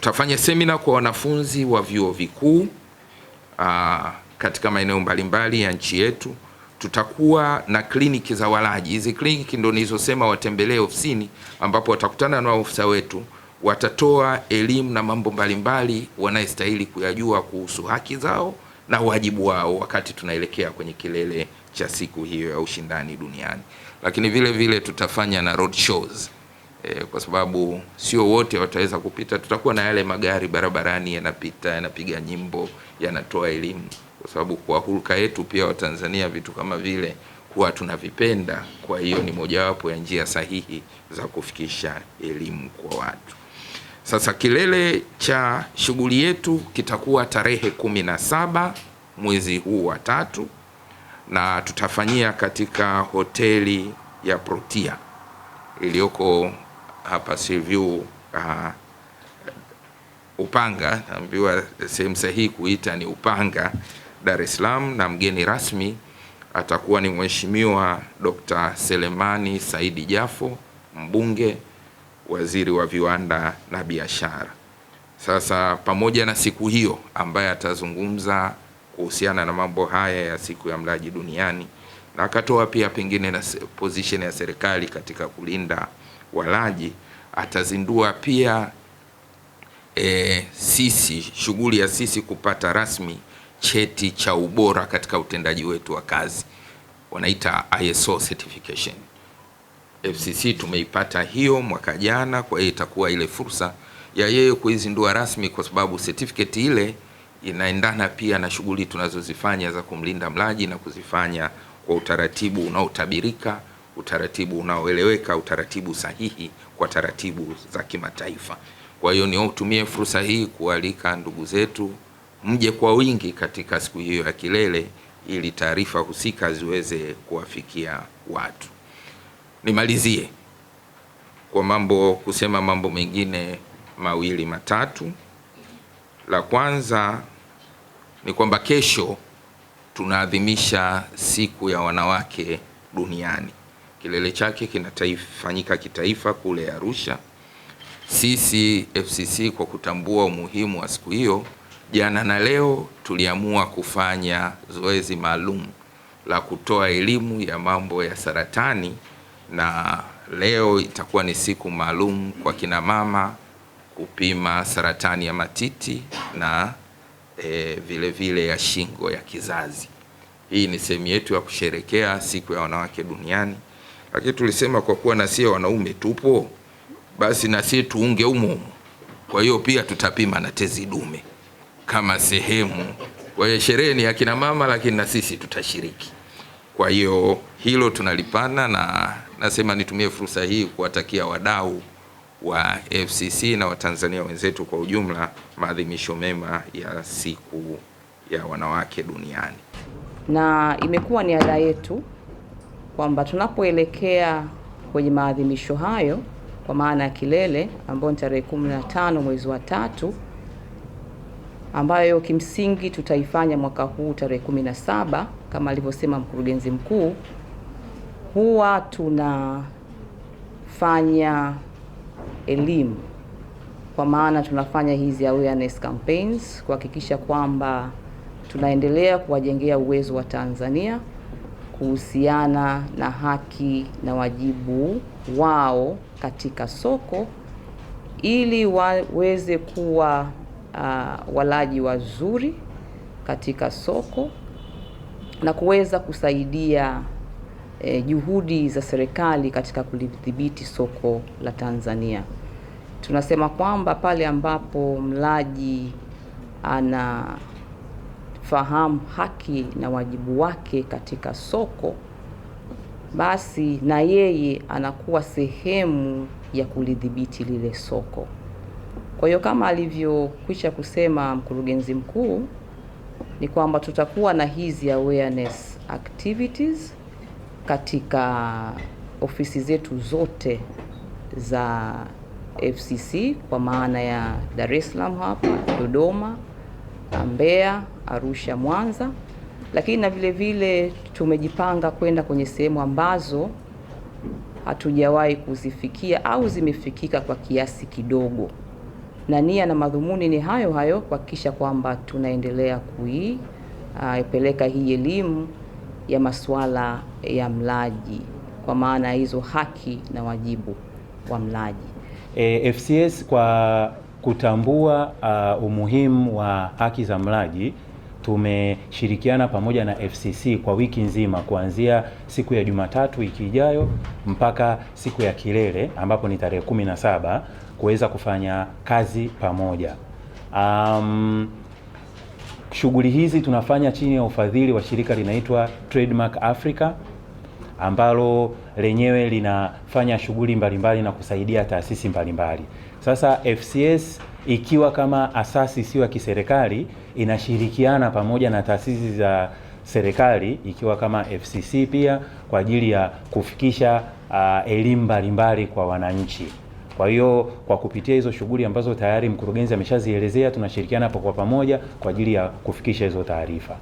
tutafanya semina kwa wanafunzi wa vyuo vikuu ah, katika maeneo mbalimbali ya nchi yetu. Tutakuwa na kliniki za walaji. Hizi kliniki ndio nilizosema watembelee ofisini, ambapo watakutana na ofisa wetu, watatoa elimu na mambo mbalimbali wanayestahili kuyajua kuhusu haki zao na wajibu wao, wakati tunaelekea kwenye kilele cha siku hiyo ya ushindani duniani. Lakini vile vile tutafanya na road shows e, kwa sababu sio wote wataweza kupita. Tutakuwa na yale magari barabarani yanapita, yanapiga nyimbo, yanatoa elimu, kwa sababu kwa hulka yetu pia Watanzania vitu kama vile huwa tunavipenda. Kwa hiyo ni mojawapo ya njia sahihi za kufikisha elimu kwa watu. Sasa kilele cha shughuli yetu kitakuwa tarehe kumi na saba mwezi huu wa tatu, na tutafanyia katika hoteli ya Protea iliyoko hapa Sivyu uh, ah, Upanga, naambiwa sehemu sahihi kuita ni Upanga, Dar es Salaam, na mgeni rasmi atakuwa ni Mheshimiwa Dr. Selemani Saidi Jafo, mbunge, waziri wa viwanda na biashara. Sasa pamoja na siku hiyo ambaye atazungumza kuhusiana na mambo haya ya siku ya mlaji duniani na akatoa pia pengine na position ya serikali katika kulinda walaji, atazindua pia e, sisi shughuli ya sisi kupata rasmi cheti cha ubora katika utendaji wetu wa kazi wanaita ISO certification. FCC tumeipata hiyo mwaka jana, kwa hiyo itakuwa ile fursa ya yeye kuizindua rasmi, kwa sababu certificate ile inaendana pia na shughuli tunazozifanya za kumlinda mlaji na kuzifanya kwa utaratibu unaotabirika utaratibu unaoeleweka, utaratibu sahihi kwa taratibu za kimataifa. Kwa hiyo niutumie fursa hii kualika ndugu zetu mje kwa wingi katika siku hiyo ya kilele ili taarifa husika ziweze kuwafikia watu. Nimalizie kwa mambo kusema mambo mengine mawili matatu. La kwanza ni kwamba kesho tunaadhimisha siku ya wanawake duniani kilele chake kinafanyika kitaifa kule Arusha. Sisi FCC kwa kutambua umuhimu wa siku hiyo, jana na leo tuliamua kufanya zoezi maalum la kutoa elimu ya mambo ya saratani, na leo itakuwa ni siku maalum kwa kina mama kupima saratani ya matiti na e, vile vile ya shingo ya kizazi. Hii ni sehemu yetu ya kusherekea siku ya wanawake duniani lakini tulisema kwa kuwa na sisi wanaume tupo, basi na sisi tuunge umo Kwa hiyo pia tutapima na tezi dume kama sehemu. Kwa hiyo sherehe ni akina mama, lakini na sisi tutashiriki. Kwa hiyo hilo tunalipana, na nasema nitumie fursa hii kuwatakia wadau wa FCC na Watanzania wenzetu kwa ujumla maadhimisho mema ya siku ya wanawake duniani, na imekuwa ni ada yetu kwamba tunapoelekea kwenye maadhimisho hayo kwa maana ya kilele ambayo ni tarehe 15 mwezi wa tatu, ambayo kimsingi tutaifanya mwaka huu tarehe 17 kama alivyosema mkurugenzi mkuu, huwa tunafanya elimu kwa maana tunafanya hizi awareness campaigns kuhakikisha kwamba tunaendelea kuwajengea uwezo wa Tanzania kuhusiana na haki na wajibu wao katika soko ili waweze kuwa uh, walaji wazuri katika soko na kuweza kusaidia eh, juhudi za serikali katika kulidhibiti soko la Tanzania. Tunasema kwamba pale ambapo mlaji ana fahamu haki na wajibu wake katika soko, basi na yeye anakuwa sehemu ya kulidhibiti lile soko. Kwa hiyo kama alivyokwisha kusema mkurugenzi mkuu, ni kwamba tutakuwa na hizi awareness activities katika ofisi zetu zote za FCC kwa maana ya Dar es Salaam hapa, Dodoma Mbeya, Arusha, Mwanza, lakini na vile vile tumejipanga kwenda kwenye sehemu ambazo hatujawahi kuzifikia au zimefikika kwa kiasi kidogo, na nia na madhumuni ni hayo hayo, kuhakikisha kwamba tunaendelea kuipeleka uh, hii elimu ya masuala ya mlaji kwa maana hizo haki na wajibu wa mlaji. E, eh, FCS kwa kutambua uh, umuhimu wa haki za mlaji tumeshirikiana pamoja na FCC kwa wiki nzima kuanzia siku ya Jumatatu wiki ijayo mpaka siku ya kilele ambapo ni tarehe kumi na saba kuweza kufanya kazi pamoja. Um, shughuli hizi tunafanya chini ya ufadhili wa shirika linaitwa Trademark Africa ambalo lenyewe linafanya shughuli mbalimbali na kusaidia taasisi mbalimbali Sasa FCS ikiwa kama asasi isiyo ya kiserikali inashirikiana pamoja na taasisi za serikali ikiwa kama FCC pia kwa ajili ya kufikisha uh, elimu mbalimbali kwa wananchi. Kwa hiyo kwa kupitia hizo shughuli ambazo tayari mkurugenzi ameshazielezea, tunashirikiana hapo kwa pamoja kwa ajili ya kufikisha hizo taarifa.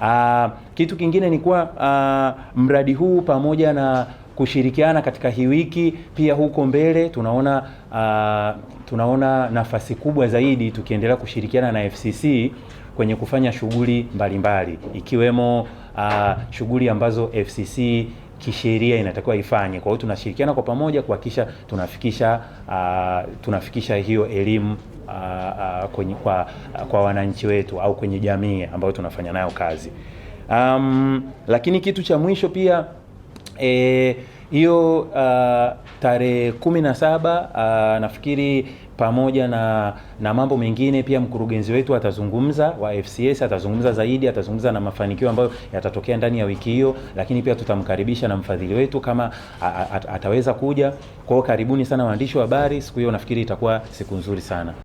Aa, ah, kitu kingine ni kuwa uh, mradi huu pamoja na kushirikiana katika hii wiki pia, huko mbele tunaona uh, tunaona nafasi kubwa zaidi tukiendelea kushirikiana na FCC kwenye kufanya shughuli mbalimbali ikiwemo uh, shughuli ambazo FCC kisheria inatakiwa ifanye. Kwa hiyo tunashirikiana kwa pamoja kuhakikisha tunafikisha uh, tunafikisha hiyo elimu uh, uh, kwenye, kwa, uh, kwa wananchi wetu au kwenye jamii ambayo tunafanya nayo kazi. Um, lakini kitu cha mwisho pia e, hiyo e, uh, tarehe kumi na saba uh, nafikiri pamoja na, na mambo mengine pia mkurugenzi wetu atazungumza wa FCS atazungumza zaidi, atazungumza na mafanikio ambayo yatatokea ndani ya wiki hiyo, lakini pia tutamkaribisha na mfadhili wetu kama a, ataweza kuja kwao. Karibuni sana waandishi wa habari siku hiyo, nafikiri itakuwa siku nzuri sana.